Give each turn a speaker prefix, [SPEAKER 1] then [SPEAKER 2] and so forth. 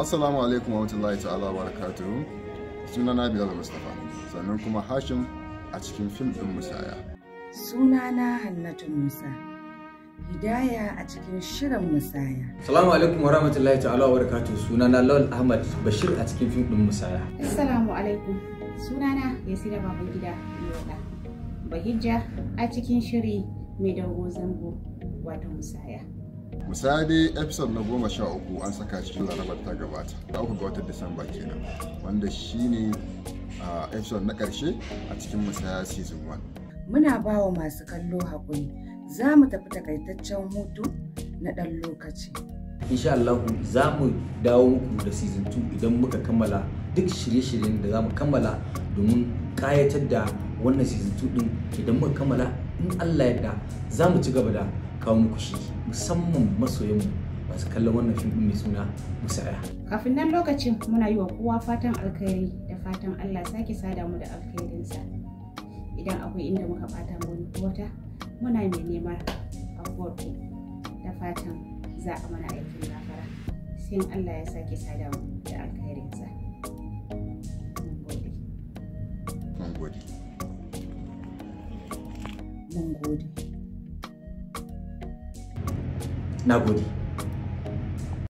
[SPEAKER 1] assalamu alaikum wa rahmatullahi ta'ala wa barakatuhu na bilal mustapha sannan kuma hashim a cikin fim din musaya
[SPEAKER 2] Suna na hannatu musa hidaya a cikin shirin musaya
[SPEAKER 3] assalamu alaikum wa rahmatullahi ta'ala wa barakatuhu na lawal ahmad bashir a cikin fim din musaya assalamu
[SPEAKER 2] alaikum sunana
[SPEAKER 4] yasira babangida yoga bahijja a cikin shiri mai dango zango wato musaya
[SPEAKER 1] misali episode na goma sha uku an saka shi larabar ta gabata da uku ga watan disamba kenan wanda shi ne episode na karshe a cikin musaya season one
[SPEAKER 2] muna ba wa masu kallo haƙuri za mu tafi takaitaccen hutu na ɗan lokaci
[SPEAKER 1] insha Allah za mu
[SPEAKER 3] dawo muku da season 2 idan muka kammala duk shirye-shiryen da za mu kammala domin kayatar da wannan season 2 din idan muka kammala in Allah ya da za mu ci gaba da kawo muku shi musamman masoyanmu masu kallon wannan fim mai suna musaya.
[SPEAKER 4] Kafin nan lokacin muna yi wa kowa fatan alkhairi da fatan Allah sake sada mu da alkhairinsa. Idan akwai inda muka bata wani wata muna mai nema abubuwar da fatan za a mana aikin gafara. Sai Allah ya sake sada mu da alkhairinsa.
[SPEAKER 1] Mun gode.
[SPEAKER 2] Mun
[SPEAKER 3] na gode